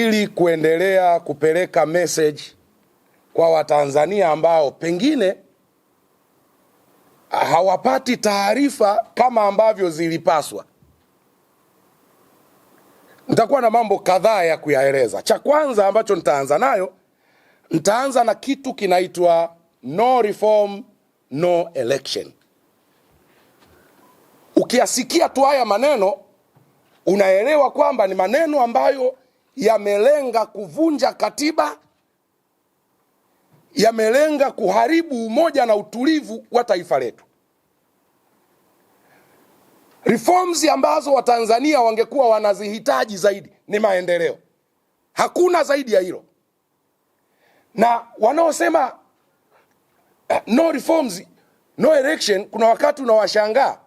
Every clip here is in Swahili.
ili kuendelea kupeleka message kwa Watanzania ambao pengine hawapati taarifa kama ambavyo zilipaswa. Nitakuwa na mambo kadhaa ya kuyaeleza. Cha kwanza ambacho nitaanza nayo, nitaanza na kitu kinaitwa no reform no election. Ukiyasikia tu haya maneno unaelewa kwamba ni maneno ambayo yamelenga kuvunja katiba, yamelenga kuharibu umoja na utulivu wa taifa letu. Reforms ambazo Watanzania wangekuwa wanazihitaji zaidi ni maendeleo, hakuna zaidi ya hilo. Na wanaosema eh, no reforms no election, kuna wakati unawashangaa.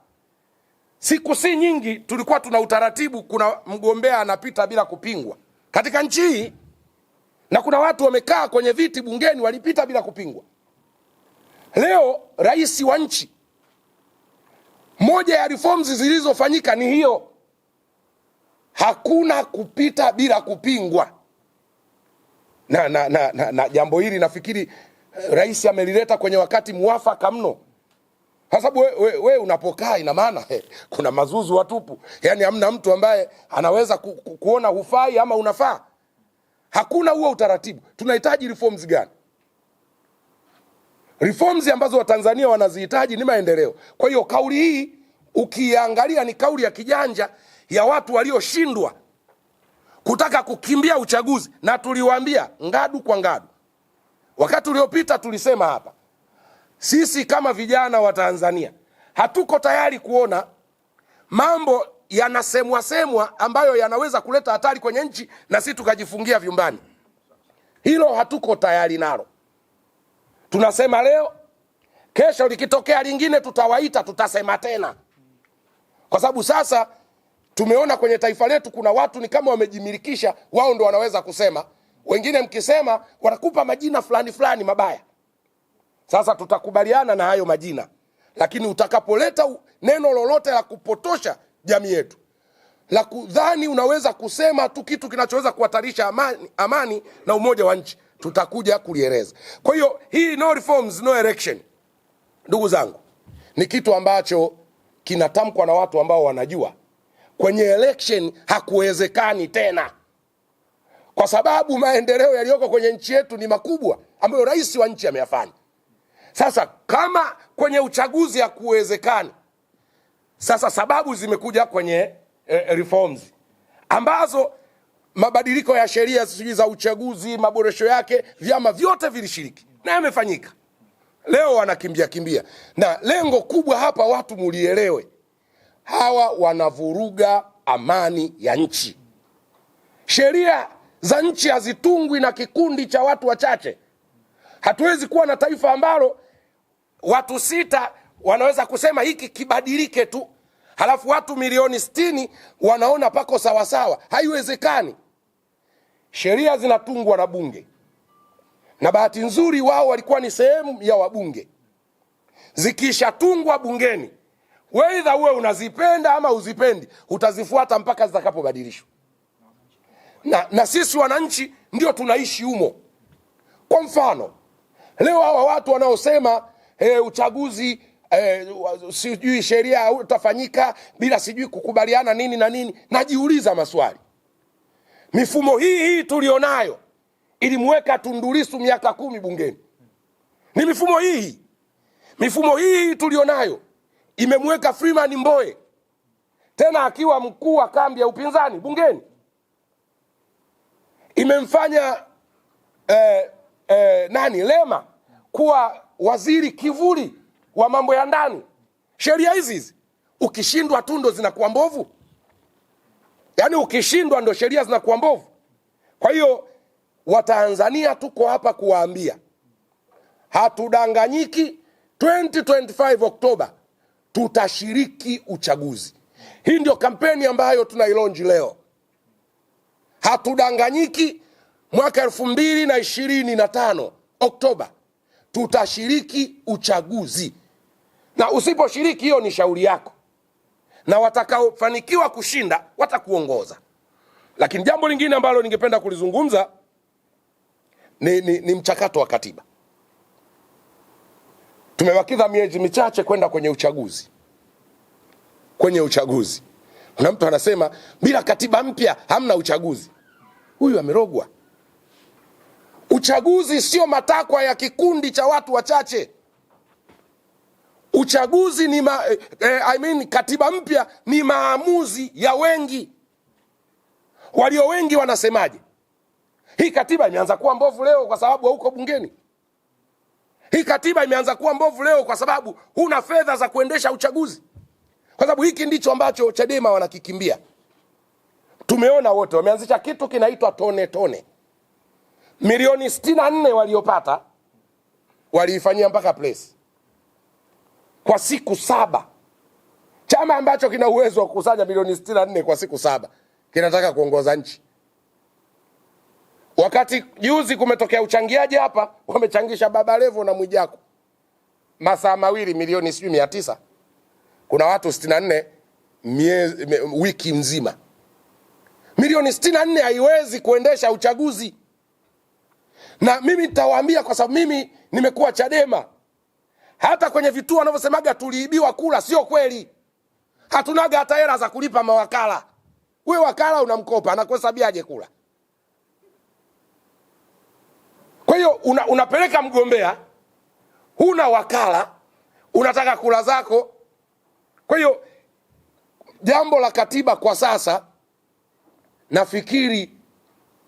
Siku si nyingi tulikuwa tuna utaratibu, kuna mgombea anapita bila kupingwa katika nchi hii, na kuna watu wamekaa kwenye viti bungeni walipita bila kupingwa. Leo rais wa nchi, moja ya reforms zilizofanyika ni hiyo, hakuna kupita bila kupingwa. Na, na, na, na, na jambo hili nafikiri eh, rais amelileta kwenye wakati muwafaka mno sababu we, we, we unapokaa ina maana kuna mazuzu watupu, yaani hamna mtu ambaye anaweza ku, ku, kuona hufai ama unafaa. Hakuna huo utaratibu. Tunahitaji reforms gani? Reforms ambazo Watanzania wanazihitaji ni maendeleo. Kwa hiyo kauli hii ukiangalia ni kauli ya kijanja ya watu walioshindwa kutaka kukimbia uchaguzi, na tuliwaambia ngadu kwa ngadu. Wakati uliopita tulisema hapa sisi kama vijana wa Tanzania hatuko tayari kuona mambo yanasemwa semwa ambayo yanaweza kuleta hatari kwenye nchi na sisi tukajifungia vyumbani. Hilo hatuko tayari nalo. Tunasema leo, kesho likitokea lingine tutawaita, tutasema tena, kwa sababu sasa tumeona kwenye taifa letu kuna watu ni kama wamejimilikisha, wao ndo wanaweza kusema. Wengine mkisema wanakupa majina fulani fulani mabaya. Sasa tutakubaliana na hayo majina, lakini utakapoleta neno lolote la kupotosha jamii yetu, la kudhani unaweza kusema tu kitu kinachoweza kuhatarisha amani, amani na umoja wa nchi, tutakuja kulieleza. Kwa hiyo hii no reforms, no election, ndugu zangu, ni kitu ambacho kinatamkwa na watu ambao wanajua kwenye election hakuwezekani tena, kwa sababu maendeleo yaliyoko kwenye nchi yetu ni makubwa ambayo rais wa nchi ameyafanya. Sasa kama kwenye uchaguzi ya kuwezekana, sasa sababu zimekuja kwenye eh, eh, reforms ambazo mabadiliko ya sheria sijui za uchaguzi, maboresho yake, vyama vyote vilishiriki na yamefanyika. Leo wanakimbia kimbia, na lengo kubwa hapa watu mulielewe, hawa wanavuruga amani ya nchi. Sheria za nchi hazitungwi na kikundi cha watu wachache. Hatuwezi kuwa na taifa ambalo watu sita wanaweza kusema hiki kibadilike tu, halafu watu milioni sitini wanaona pako sawasawa. Haiwezekani. Sheria zinatungwa na Bunge, na bahati nzuri wao walikuwa ni sehemu ya wabunge. Zikishatungwa bungeni, weidha uwe unazipenda ama uzipendi, utazifuata mpaka zitakapobadilishwa. Na, na sisi wananchi ndio tunaishi humo. Kwa mfano leo hawa watu wanaosema e, uchaguzi e, sijui sheria utafanyika bila sijui kukubaliana nini na nini. Najiuliza maswali, mifumo hii hii tulionayo ilimweka Tundulisu miaka kumi bungeni, ni mifumo hii hii mifumo hii tulionayo imemweka Freeman Mbowe tena akiwa mkuu wa kambi ya upinzani bungeni, imemfanya eh, eh, nani Lema kuwa waziri kivuli wa mambo ya ndani. Sheria hizi hizi ukishindwa tu ndo zinakuwa mbovu, yaani ukishindwa ndo sheria zinakuwa mbovu. Kwa hiyo Watanzania tuko hapa kuwaambia hatudanganyiki. 2025 Oktoba tutashiriki uchaguzi. Hii ndio kampeni ambayo tunailonji leo. Hatudanganyiki. Mwaka elfu mbili na ishirini na tano Oktoba tutashiriki uchaguzi, na usiposhiriki, hiyo ni shauri yako, na watakaofanikiwa kushinda watakuongoza. Lakini jambo lingine ambalo ningependa kulizungumza ni, ni, ni mchakato wa katiba. tumewakidha miezi michache kwenda kwenye uchaguzi. Kwenye uchaguzi kuna mtu anasema bila katiba mpya hamna uchaguzi. Huyu amerogwa. Uchaguzi sio matakwa ya kikundi cha watu wachache. Uchaguzi ni ma, eh, eh, I mean, katiba mpya ni maamuzi ya wengi. Walio wengi wanasemaje? Hii katiba imeanza kuwa mbovu leo kwa sababu hauko bungeni. Hii katiba imeanza kuwa mbovu leo kwa sababu huna fedha za kuendesha uchaguzi, kwa sababu hiki ndicho ambacho Chadema wanakikimbia. Tumeona wote wameanzisha kitu kinaitwa tone tone milioni sitini na nne waliopata waliifanyia mpaka press kwa siku saba. Chama ambacho kina uwezo wa kukusanya milioni sitini na nne kwa siku saba kinataka kuongoza nchi, wakati juzi kumetokea uchangiaji hapa, wamechangisha Baba Levo na Mwijaku masaa mawili milioni sijui mia tisa. Kuna watu sitini na nne wiki mzima, milioni sitini na nne haiwezi kuendesha uchaguzi na mimi nitawaambia, kwa sababu mimi nimekuwa Chadema. Hata kwenye vituo wanavyosemaga tuliibiwa kula, sio kweli. Hatunaga hata hela za kulipa mawakala. Wewe wakala unamkopa anakuhesabiaje kula? Kwa hiyo una, unapeleka mgombea, huna wakala, unataka kula zako. Kwa hiyo jambo la katiba kwa sasa nafikiri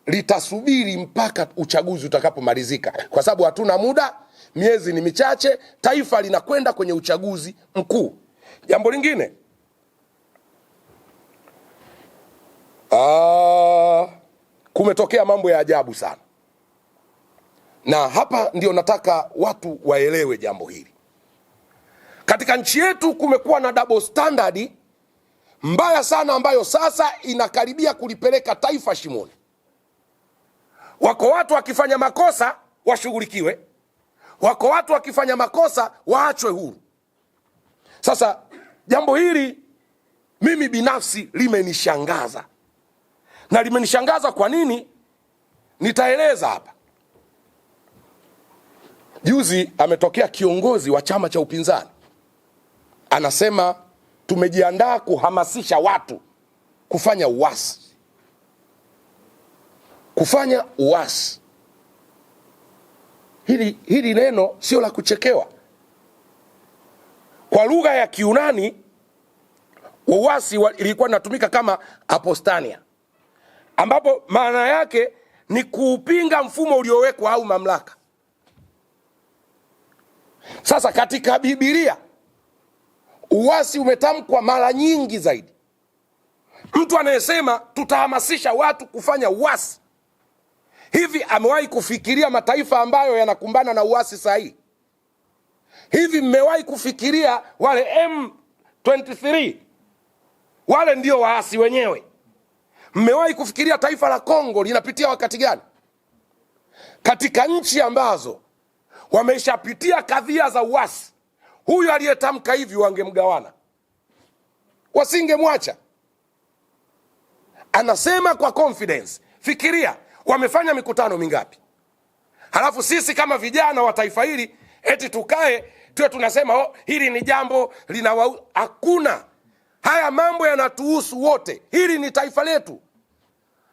litasubiri mpaka uchaguzi utakapomalizika, kwa sababu hatuna muda, miezi ni michache, taifa linakwenda kwenye uchaguzi mkuu. Jambo lingine aa, ah, kumetokea mambo ya ajabu sana, na hapa ndio nataka watu waelewe jambo hili. Katika nchi yetu kumekuwa na double standard mbaya sana, ambayo sasa inakaribia kulipeleka taifa shimoni. Wako watu wakifanya makosa washughulikiwe, wako watu wakifanya makosa waachwe huru. Sasa jambo hili mimi binafsi limenishangaza na limenishangaza kwa nini? Nitaeleza hapa. Juzi ametokea kiongozi wa chama cha upinzani anasema tumejiandaa kuhamasisha watu kufanya uasi kufanya uasi. Hili, hili neno sio la kuchekewa. Kwa lugha ya Kiunani uasi ilikuwa inatumika kama apostania, ambapo maana yake ni kuupinga mfumo uliowekwa au mamlaka. Sasa katika Biblia uasi umetamkwa mara nyingi zaidi. Mtu anayesema tutahamasisha watu kufanya uasi Hivi amewahi kufikiria mataifa ambayo yanakumbana na uasi sahihi? Hivi mmewahi kufikiria wale M23 wale ndio waasi wenyewe? Mmewahi kufikiria taifa la Kongo linapitia wakati gani? Katika nchi ambazo wameshapitia kadhia za uasi, huyu aliyetamka hivi wangemgawana, wasingemwacha. Anasema kwa confidence. Fikiria wamefanya mikutano mingapi? Halafu sisi kama vijana wa taifa hili eti tukae tuwe tunasema oh, hili ni jambo linawa. Hakuna, haya mambo yanatuhusu wote. Hili ni taifa letu.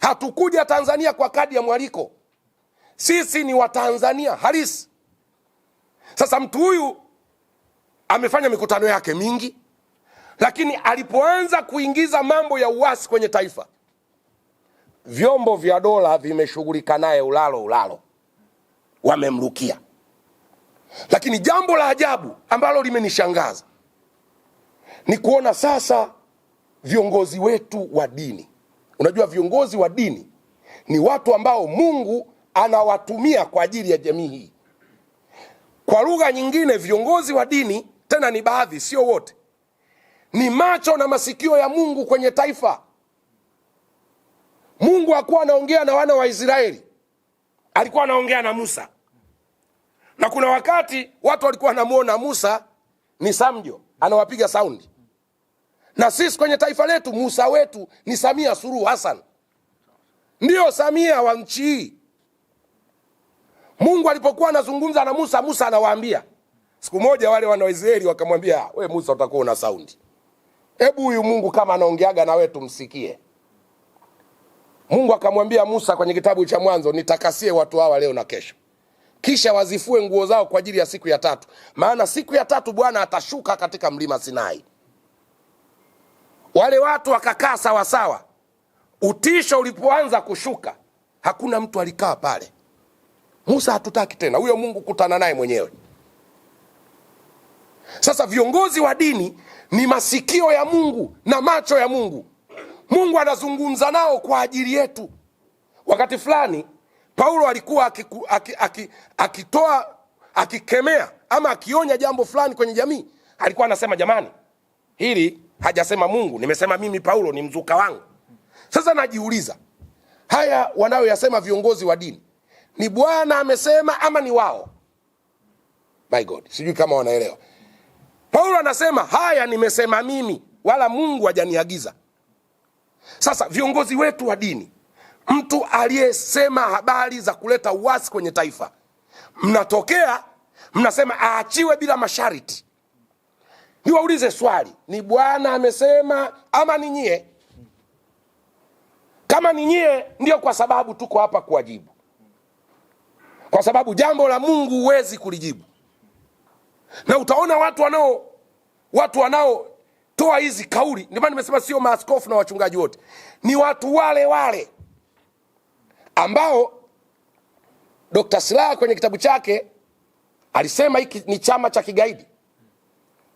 Hatukuja Tanzania kwa kadi ya mwaliko, sisi ni Watanzania halisi. Sasa mtu huyu amefanya mikutano yake mingi, lakini alipoanza kuingiza mambo ya uasi kwenye taifa vyombo vya dola vimeshughulika naye ulalo ulalo, wamemrukia. Lakini jambo la ajabu ambalo limenishangaza ni kuona sasa viongozi wetu wa dini. Unajua, viongozi wa dini ni watu ambao Mungu anawatumia kwa ajili ya jamii hii. Kwa lugha nyingine, viongozi wa dini, tena ni baadhi, sio wote, ni macho na masikio ya Mungu kwenye taifa. Mungu hakuwa anaongea na wana wa Israeli, alikuwa anaongea na Musa. Na kuna wakati watu walikuwa wanamwona Musa ni Samjo, anawapiga saundi, na sisi kwenye taifa letu Musa wetu ni Samia Suluhu Hassan, ndiyo Samia wa nchi hii. Mungu alipokuwa anazungumza na Musa, Musa anawaambia siku moja, wale wana Waisraeli wakamwambia, we Musa, utakuwa una saundi, hebu huyu Mungu kama anaongeaga na we tumsikie. Mungu akamwambia Musa kwenye kitabu cha Mwanzo, nitakasie watu hawa leo na kesho, kisha wazifue nguo zao kwa ajili ya siku ya tatu, maana siku ya tatu Bwana atashuka katika mlima Sinai. Wale watu wakakaa sawasawa. Utisho ulipoanza kushuka, hakuna mtu alikaa pale. Musa, hatutaki tena huyo Mungu, kutana naye mwenyewe. Sasa viongozi wa dini ni masikio ya Mungu na macho ya Mungu. Mungu anazungumza nao kwa ajili yetu. Wakati fulani Paulo alikuwa akitoa aki, aki, aki akikemea ama akionya jambo fulani kwenye jamii, alikuwa anasema jamani, hili hajasema Mungu, nimesema mimi Paulo, ni mzuka wangu. Sasa najiuliza haya wanayoyasema viongozi wa dini ni Bwana amesema ama ni wao? My God, sijui kama wanaelewa. Paulo anasema haya nimesema mimi, wala Mungu hajaniagiza. Sasa viongozi wetu wa dini, mtu aliyesema habari za kuleta uasi kwenye taifa, mnatokea mnasema aachiwe bila masharti. Niwaulize swali, ni Bwana amesema ama ni nyie? Kama ni nyie, ndio kwa sababu tuko hapa kuwajibu, kwa sababu jambo la Mungu huwezi kulijibu, na utaona watu wanao watu wanao toa hizi kauli. Ndio maana nimesema sio maaskofu na wachungaji wote, ni watu wale wale ambao Dr. Slaa kwenye kitabu chake alisema hiki ni chama cha kigaidi.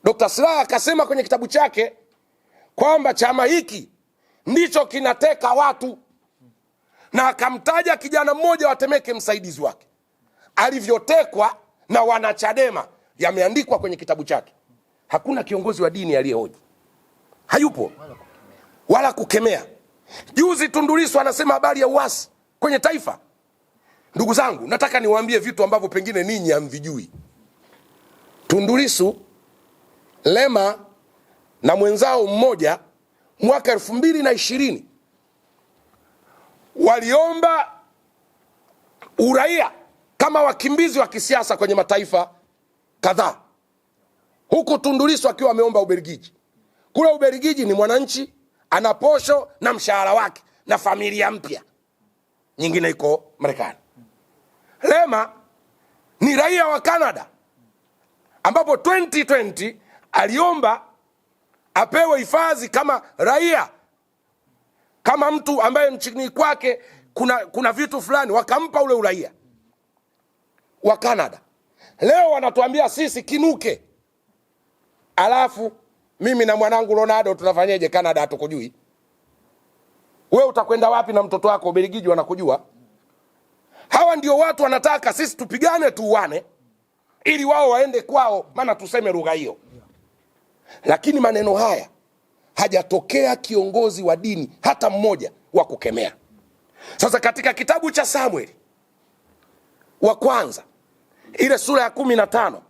Dr. Slaa akasema kwenye kitabu chake kwamba chama hiki ndicho kinateka watu, na akamtaja kijana mmoja wa Temeke, msaidizi wake, alivyotekwa na wanachadema. Yameandikwa kwenye kitabu chake. Hakuna kiongozi wa dini aliyehoji hayupo wala kukemea. Juzi Tundu Lissu anasema habari ya uasi kwenye taifa. Ndugu zangu, nataka niwaambie vitu ambavyo pengine ninyi hamvijui. Tundu Lissu, Lema na mwenzao mmoja mwaka elfu mbili na ishirini waliomba uraia kama wakimbizi wa kisiasa kwenye mataifa kadhaa, huku Tundu Lissu akiwa ameomba Ubelgiji. Kule Ubelgiji ni mwananchi ana posho na mshahara wake na familia mpya nyingine iko Marekani. Lema ni raia wa Canada ambapo 2020 aliomba apewe hifadhi kama raia, kama mtu ambaye nchini kwake kuna, kuna vitu fulani, wakampa ule uraia wa Canada. Leo wanatuambia sisi kinuke, alafu mimi na mwanangu Ronaldo tunafanyaje? Canada hatukujui, we utakwenda wapi na mtoto wako Ubelgiji wanakujua? Hawa ndio watu wanataka sisi tupigane, tuuane ili wao waende kwao, maana tuseme lugha hiyo. Lakini maneno haya hajatokea kiongozi wa dini hata mmoja wa kukemea. Sasa katika kitabu cha Samueli wa kwanza ile sura ya kumi na tano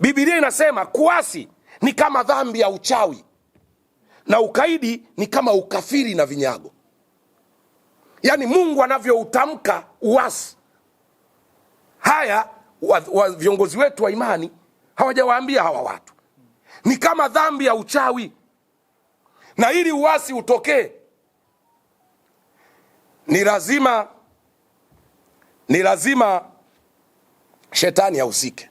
Biblia inasema kuasi ni kama dhambi ya uchawi na ukaidi ni kama ukafiri na vinyago. Yaani Mungu anavyoutamka uasi, haya wa, wa, viongozi wetu wa imani hawajawaambia hawa watu, ni kama dhambi ya uchawi, na ili uasi utokee ni lazima ni lazima shetani ahusike.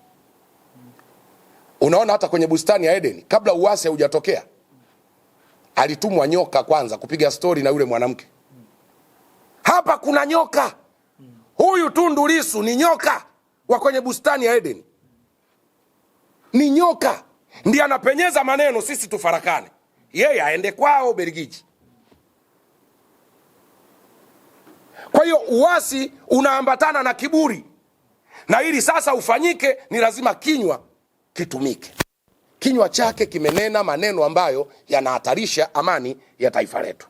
Unaona hata kwenye bustani ya Eden kabla uasi haujatokea alitumwa nyoka kwanza kupiga stori na yule mwanamke. Hapa kuna nyoka, huyu Tundu Lissu ni nyoka wa kwenye bustani ya Eden, ni nyoka ndiye anapenyeza maneno, sisi tufarakane, yeye aende kwao Belgiji. Kwa hiyo uasi unaambatana na kiburi, na ili sasa ufanyike ni lazima kinywa kitumike. Kinywa chake kimenena maneno ambayo yanahatarisha amani ya taifa letu.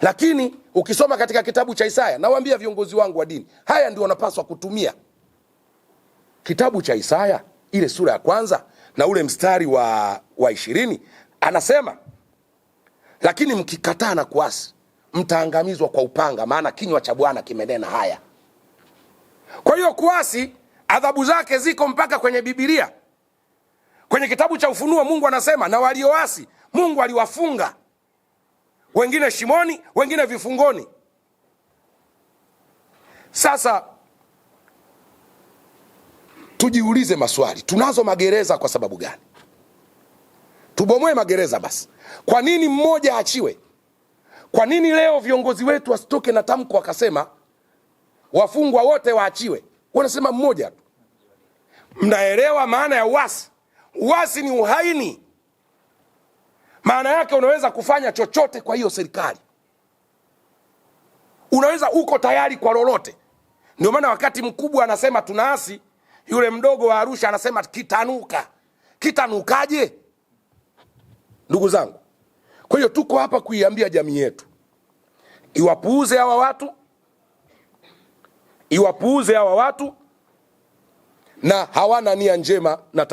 Lakini ukisoma katika kitabu cha Isaya, nawaambia viongozi wangu wa dini, haya ndio wanapaswa kutumia. Kitabu cha Isaya ile sura ya kwanza na ule mstari wa, wa ishirini anasema, lakini mkikataa na kuasi mtaangamizwa kwa upanga, maana kinywa cha Bwana kimenena haya. Kwa hiyo kuasi, adhabu zake ziko mpaka kwenye Bibilia. Kwenye kitabu cha Ufunuo Mungu anasema na walioasi Mungu aliwafunga wengine shimoni, wengine vifungoni. Sasa tujiulize maswali, tunazo magereza kwa sababu gani? Tubomoe magereza basi. Kwa nini mmoja achiwe? Kwa nini leo viongozi wetu wasitoke na tamko wakasema wafungwa wote waachiwe? Wanasema mmoja tu. Mnaelewa maana ya uasi? Uasi ni uhaini, maana yake unaweza kufanya chochote kwa hiyo serikali, unaweza uko tayari kwa lolote. Ndio maana wakati mkubwa anasema tunaasi, yule mdogo wa Arusha anasema kitanuka. Kitanukaje? Ndugu zangu, kwa hiyo tuko hapa kuiambia jamii yetu iwapuuze hawa watu, iwapuuze hawa watu, na hawana nia njema na